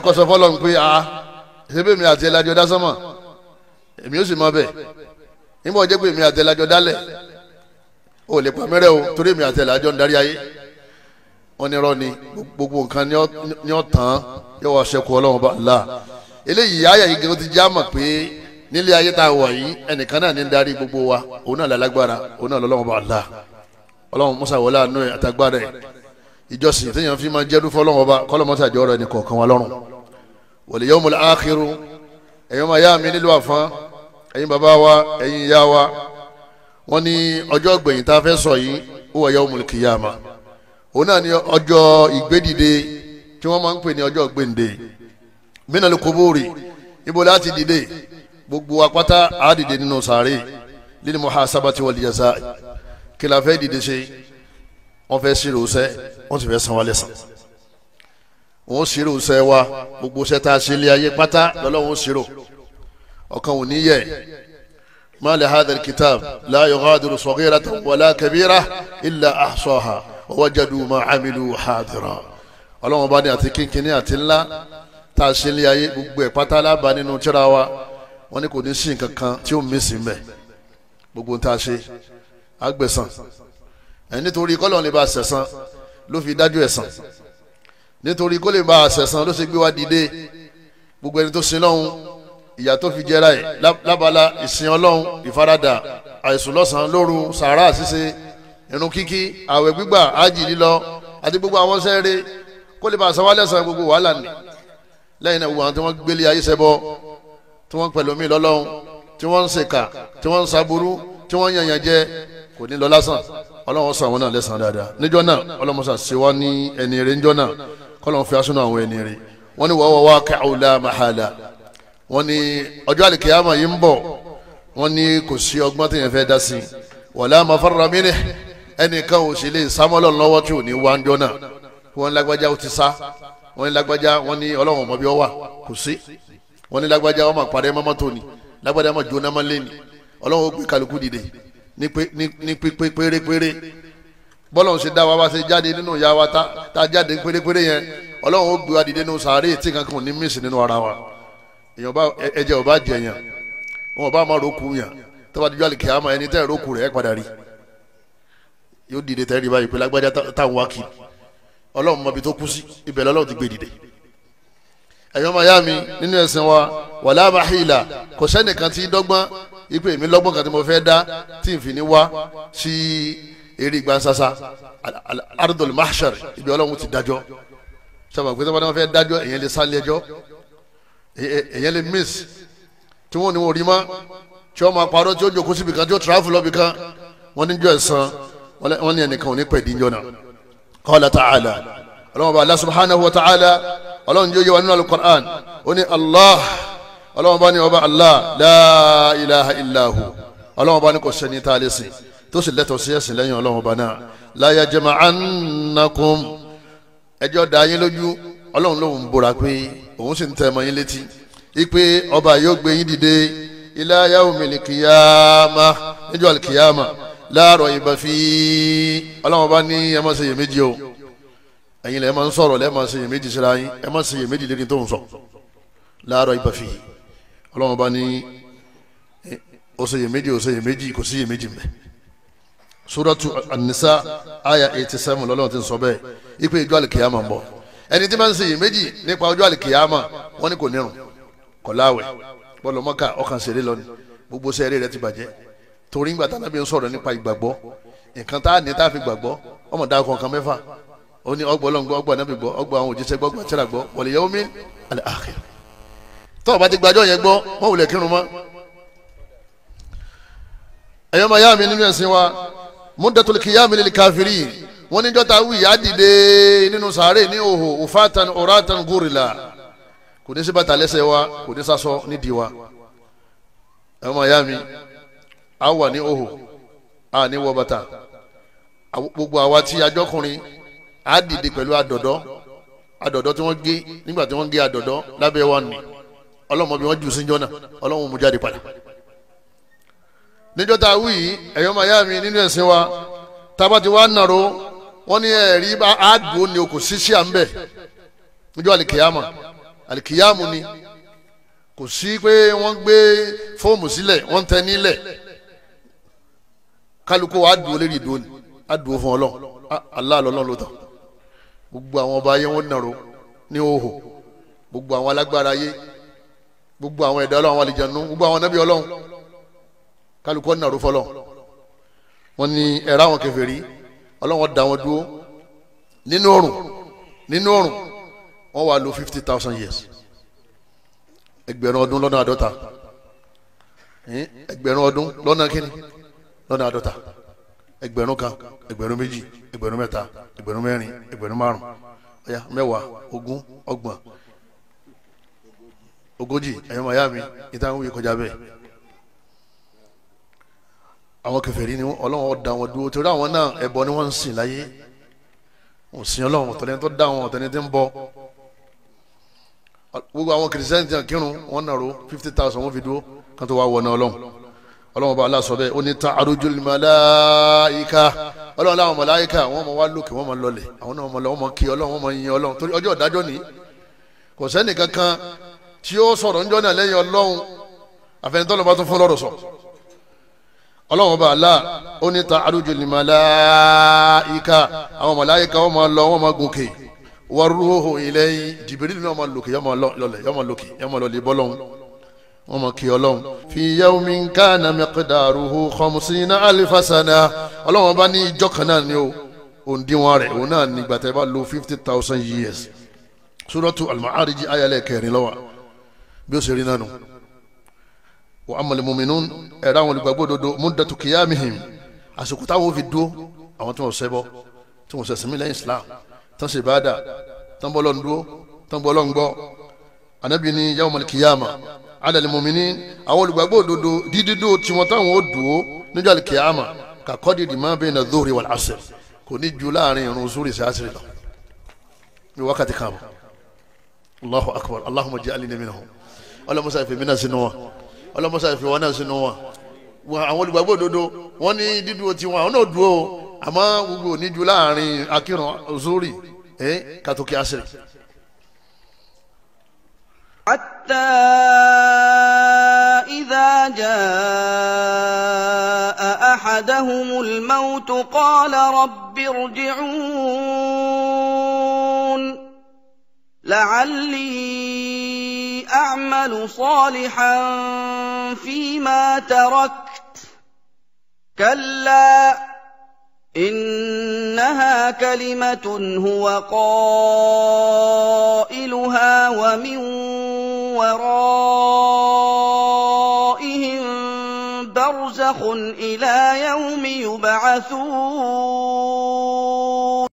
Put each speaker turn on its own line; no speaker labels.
Ah, ẹ kọ́ sọ fọlọ́n pé a ṣebí mi àti ẹlẹ́jọ́ dá sánmọ̀ èmi ó sì mọ bẹ́ẹ̀ nígbà jẹ́ pé èmi àti ẹlẹ́jọ́ dálẹ̀ o lè pa mẹ́rẹ̀ o torí èmi àti ẹlẹ́jọ́ ń darí ayé wọn ní irọ́ ni gbogbo nǹkan ní ọ̀tàn yóò wá ṣẹ́kù ọlọ́run bá là eléyìí ayé yìí gan ti já mọ̀ pé nílé ayé tá a wà yìí ẹnìkan náà ní darí gbogbo wa òun náà lálágbára òun náà lọ́lọ́run bá là ọlọ́run musa wọlé àánú ẹ̀ àtàgbára ẹ̀ ìjọsìn téèyàn fi máa jẹ́rú fọlọ́run ọba kọ́lọ́mọ́sàjọ́ rẹ̀ ní kọ̀ọ̀kan wa lọ́rùn wal yawmul akhir ẹ̀yin ọmọ ìyá mi nílùú àfọ́n ẹ̀yin bàbá wa ẹ̀yin ìyá wa wọ́n ní ọjọ́ gbẹ̀yìn tá a fẹ́ sọ yìí huwa yawmul qiyamah òun náà ní ọjọ́ ìgbédìde tí wọ́n máa ń pè ní ọjọ́ gbèǹde minal kuburi ibo láti dìde gbogbo apáta á dìde nínú sàárè lil muhasabati wal jazaa kí la fẹ́ dìde ṣe wọ́n fẹ́ sírò sẹ́ wọ́n sì fẹ́ san wálé san òun ṣírò ṣẹ́ wa gbogbo ṣẹ́ tá a ṣe lé ayé pátá lọ́lọ́run ṣírò ọ̀kan ò ní yẹ ma li hadha al-kitab la yughadiru saghiratan wala kabiratan illa ahsaha wa wajadu ma amilu hadira ọlọ́run bá ní àti kínkínní àti ńlá tá a ṣe lé ayé gbogbo ẹ̀ pátá lába nínú tíra wa wọn ní kò ní sí nǹkan kan tí ó mísì mẹ́ gbogbo tá ṣe àgbẹ̀sán ẹ̀ nítorí kọ́lọ́ọ̀ lè ba ló fi dájú ẹ̀san nítorí kó lè ba àṣẹ̀sán ló ṣe gbé wá dìde gbogbo ẹni tó sin lọ́hún ìyà tó fi jẹra ẹ̀ lábala ìsìn ọlọ́hún ìfaradà àìsùn lọ́sàn-án lóru sàárà ṣíṣe irun kíkí àwẹ̀ gbígbà ájì lílọ àti gbogbo àwọn sẹ́ẹ̀rẹ́ kó lè ba àṣàwálẹ̀ sàn gbogbo wàhálà ni lẹ́yìn náà gbogbo àwọn tí wọ́n gbélé ayé ṣẹbọ tí wọ́n pẹ̀lú mi lọ́lọ́hún tí wọ́n ń ṣèkà tí wọ́n ń ṣaburú tí wọ́n ń yànyàn jẹ kò ní lọ lásán ọlọ́run sọ àwọn náà lẹ́sàn dáadáa níjọ́ náà ọlọ́mọṣà ṣe wá ní ẹni rẹ̀ níjọ́ náà kọ́lọ́n fi asúnú àwọn ẹni rí wọ́n ní wàá wàá ká àwùlá mahala wọ́n ní ọjọ́ àlìkèyàmà yìí ń bọ̀ wọ́n ní kò sí ọgbọ́n tí yẹn fẹ́ dá sí wàlá mafarra mínẹ ẹnìkan ò sì lè sámọ́lọ̀ lọ́wọ́ tí ò ní wá ń jọ náà wọ́n ní lágbájá ó ti sá wọ́n ní lágbájá wọ́n ní ọlọ́run ọmọ bí ọ wà kò sí wọ́n ní lágbájá ọmọ àpàdé mọ́mọ́ tó ni lágbájá ọmọ jóná mọ́ lé ni ó gbé kálukú dìde ní pé pérépéré bọ́lọ̀ ń ṣe dá wa wá ṣe jáde nínú ìyá wa tá tá jáde pérépéré yẹn ọlọ́run ó gbé wa dìde nínú sàárè tí kankan ò ní mí sí nínú ara wa èèyàn bá ẹ̀jẹ̀ ò bá jẹ yàn wọn ò bá máa roku yàn tó bá dijọ́ àlìkè àmọ́ ẹni tẹ́ ẹ̀ roku rẹ̀ ẹ̀ padà rí yóò dìde tẹ́ ẹ̀ rí báyìí pé lágbájá táwọn wá kiri ọlọ́run mọbi tó kú sí ibẹ̀ lọ́lọ́run ti gbé dìde ẹ̀yọ́ máa yá mi nínú ẹ̀sìn wa wàlá mahila kò sẹ́nìkan tí dọ́gbọ́n ipò èmi lọ́gbọ́n kan tí mo fẹ́ dá tí n fi ní wá sí eré gbansasa ardul mahshar ibi ọlọ́run ti dájọ́ sábà pé sábà fẹ́ dájọ́ èyàn lè sálẹ̀ ẹjọ́ èyàn lè miss tí wọ́n ní wọ́n rí mọ́ tí wọ́n máa parọ́ tí ó jókòó síbi kan tí ó travel lọ́bi kan wọ́n ní jọ ẹ̀sán wọ́n ní ẹnìkan ò ní pẹ̀lú ìjọ náà qala ta'ala ọlọ́run bá Allah subhanahu wa ta'ala ọlọ́run yóò yẹ wa nínú al ó ní Allah ọlọ́run bá ní ọba Allah la ilaha illahu ọlọ́run bá ní kò sẹ́ni tá a lè sìn tó sì lẹ́tọ̀ọ́ sí ẹ̀sìn lẹ́yìn ọlọ́run ọba náà la yajma'annakum ẹjọ́ da yín lójú ọlọ́run lòun bóra pé òun sì ń tẹ́ ọmọ yín létí ipe ọba yóò gbé yín dìde ila yawmil qiyamah níjọ́ àlìkìyàmà láàrọ̀ ìbá fi ọlọ́run ọba ní ẹ má ṣe iyèméjì o ẹ̀yin lẹ́ẹ̀ máa ń sọ̀rọ̀ lẹ́ẹ̀ máa ṣe iyèméjì síra yín ẹ má ń sọ láàrọ̀ ìbá suratu anisa aya eighty seven lọ́lọ́run ti sọ bẹ́ẹ̀ ipe ìjọ àlìkìyàmà ń bọ̀ ẹni tí máa ń sèyí méjì nípa ọjọ́ àlìkìyàmà wọ́n ní kò nírun kò láwẹ̀ bọ́ọ̀lù mọ́kà ọkàn ṣeré lọ ni gbogbo sẹ́ẹ̀rẹ́ rẹ ti bàjẹ́ torí ńgbà tánábì ń sọ̀rọ̀ nípa ìgbàgbọ́ nǹkan tá a ní tá a fi gbàgbọ́ ọmọ dáa kan kan mẹ́fà ó ní ọgbọ́ ọlọ́ngbọ́ ọgbọ́ ànábì gbọ́ ọgbọ́ àwọn òjíṣẹ́ gbọ́ ọgbọ́ àtìrà gbọ́ wọ̀lẹ̀ yẹ́wó mi àlẹ́ àkẹ́ tọ́ ọba ti gbàjọ́ yẹn gbọ́ mọ́ wulẹ̀ kírun mọ́ ẹ̀yọ́ máa yá mi nínú ẹ̀sìn wa múndàtò kìyàmì lè káfírí wọ́n níjọ́ ta wí yá dìde ni oho ufatan òhò gurila òràtàn gòrìlà kò ní sí bàtà lẹ́sẹ̀ wa kò ní sásọ ni wa ẹ máa yá mi a wà ní òhò a ní wọ bàtà gbogbo àwa tí ajọ́kùnrin a dìde pẹ̀lú àdọ̀dọ́ àdọ̀dọ́ tí wọ́n gé nígbà tí wọ́n gé àdọ̀dọ́ lábẹ́ wa nì ọlọ́mọbi wọn jù sí jọ́nà ọlọ́mọ mu jáde padà níjọ́ tá a wí yìí ẹ̀yọ́ máa yá mi nínú ẹ̀sìn wa tába ti wá nàró wọ́n ní ẹ̀rí bá a dùn ní okò ṣíṣí à ń bẹ̀ níjọ́ àlìkìyàmà àlìkìyàmù ni kò sí pé wọ́n gbé fóòmù sílẹ̀ wọ́n tẹ nílẹ̀ kálukú wa dùn lérí ni a dùn fún ọlọ́ aláàlọ́lọ́ ló tán gbogbo àwọn ọba ayé wọn nàró ní òhò gbogbo àwọn alágbára ayé gbogbo àwọn ẹ̀dá ọlọ́run àwọn àlìjànú gbogbo àwọn nábì ọlọ́run kálukọ́ nàró fọlọ́ wọn ni ẹ̀rọ àwọn kèfèrí ọlọ́wọ́n da wọn dúró nínú oòrùn nínú oòrùn wọn wà lò fifty thousand years ẹgbẹ̀rún ọdún lọ́nà àádọ́ta ẹgbẹ̀rún ọdún lọ́nà kínní lọ́nà àádọ́ta ẹgbẹ̀rún kan ẹgbẹ̀rún méjì ẹgbẹ̀rún mẹ́ta ẹgbẹ̀rún mẹ́rin ẹgbẹ̀rún márùn ọ̀yà mẹ́wàá ogún ọgbọ̀n ogójì ẹ̀yọ́mọ̀ ayá ìtàn wíwí kọjá bẹ́ẹ̀ àwọn kèfèrí ni Ọlọ́run ó dá wọn dúró torí àwọn náà ẹbọ ni wọ́n ń sìn láyé wọ́n sìn Ọlọ́run ọ̀tọ̀ni tó dá wọn ọ̀tọ̀ni tí ń bọ gbogbo àwọn kìrìsìtẹ́nì tí wọ́n kírun wọ́n nàró fifty thousand wọ́n fi dúró kan tó wá wọ náà Ọlọ́run Ọlọ́run bá aláṣọ bẹ́ẹ̀ ó ní ta arujul màláìka Ọlọ́run láwọn màláìka wọ́n máa wá lókè wọ́n máa lọlẹ̀ àwọn náà wọ́n máa kí Ọlọ́run wọ́n máa yin Ọlọ́run torí ọjọ́ ìdájọ́ ni kò sẹ́nì kankan tí ó sọ̀rọ̀ ńjọ́ náà lẹ́yìn Ọlọ́run àfẹnitọ́lọ́ bá tún fún lọ́rọ̀ sọ̀rọ̀ ọlọ́run bá Allah ó ní ta arúgbó ní màláìka àwọn màláìka wọn máa lọ wọn máa gòkè wọ́n rúhó ilẹ̀ Jibril náà máa lòkè yọ́n máa lọ́lẹ̀ yọ́n máa lòkè yọ́n máa lọ́lẹ̀ bọ́lọ́hún wọ́n máa kí ọlọ́run. fi yawmin kana miqdaruhu khamsina alfa sana ọlọ́run bá ní ìjọ kan náà ni o òǹdíwọ̀n rẹ̀ òun náà ní gbàtẹ́ bá lo fifty thousand years suratu al-Ma'arij ayẹlẹ kẹrin lọ́wọ́ bí ó wa amal mu'minun ẹ̀rọ àwọn olùgbàgbọ́ òdodo muddatu qiyamihim àsìkò táwọn fi dúró àwọn tí wọ́n ṣẹbọ tí wọ́n ṣẹ̀sìn mí lẹ́yìn islam tán ṣe ìbáàdà tán bọ́ lọ́n dúró tán bọ́ lọ́n gbọ́ anabi ni yawmal qiyama ala al-mu'minin àwọn olùgbàgbọ́ òdodo dídúdú tiwọn táwọn ó dúró níjọ́ al-qiyama kakọ́dì dì máa bẹ́ẹ̀ na dhuhri wal asr kò ní ju láàrin irun zuri sí asiri lọ ní wákàtí kan allahu akbar allahumma ja'alni minhum ọlọmọsá ìfẹ̀mí náà sínú ọlọmọ ọlọ́mọṣà fi wọn náà sínú wọn àwọn olùgbàgbọ́ òdodo wọn ní dídú ti wọn àwọn náà dúró àmọ́ gbogbo ju láàrin akíran akírun ẹ̀ kàtòkè àṣírí. حتى إذا جاء أحدهم الموت قال رب ارجعون لعلي أعمل صالحا فيما تركت كلا إنها كلمة هو قائلها ومن ورائهم برزخ إلى يوم يبعثون